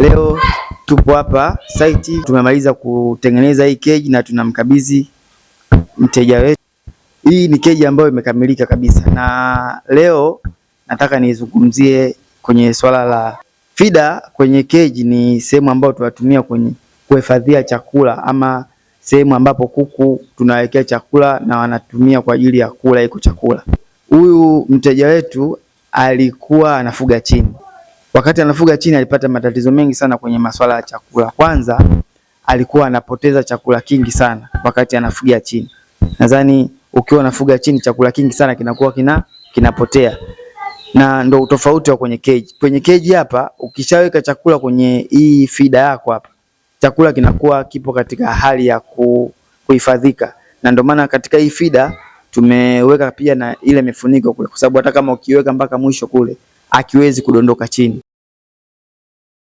Leo tupo hapa site, tumemaliza kutengeneza hii keji na tunamkabidhi mteja wetu. Hii ni keji ambayo imekamilika kabisa, na leo nataka nizungumzie kwenye swala la fida. Kwenye keji ni sehemu ambayo tunatumia kwenye kuhifadhia chakula ama sehemu ambapo kuku tunawekea chakula na wanatumia kwa ajili ya kula iko chakula. Huyu mteja wetu alikuwa anafuga chini Wakati anafuga chini alipata matatizo mengi sana kwenye masuala ya chakula. Kwanza alikuwa anapoteza chakula kingi sana wakati anafuga chini. Nadhani ukiwa unafuga chini chakula kingi sana kinakuwa kina kinapotea. Na ndo utofauti wa kwenye keji. Kwenye keji hapa ukishaweka chakula kwenye hii fida yako hapa, chakula kinakuwa kipo katika hali ya ku, kuhifadhika. Na ndio maana katika hii fida tumeweka pia na ile mifuniko kule kwa sababu hata kama ukiweka mpaka mwisho kule akiwezi kudondoka chini.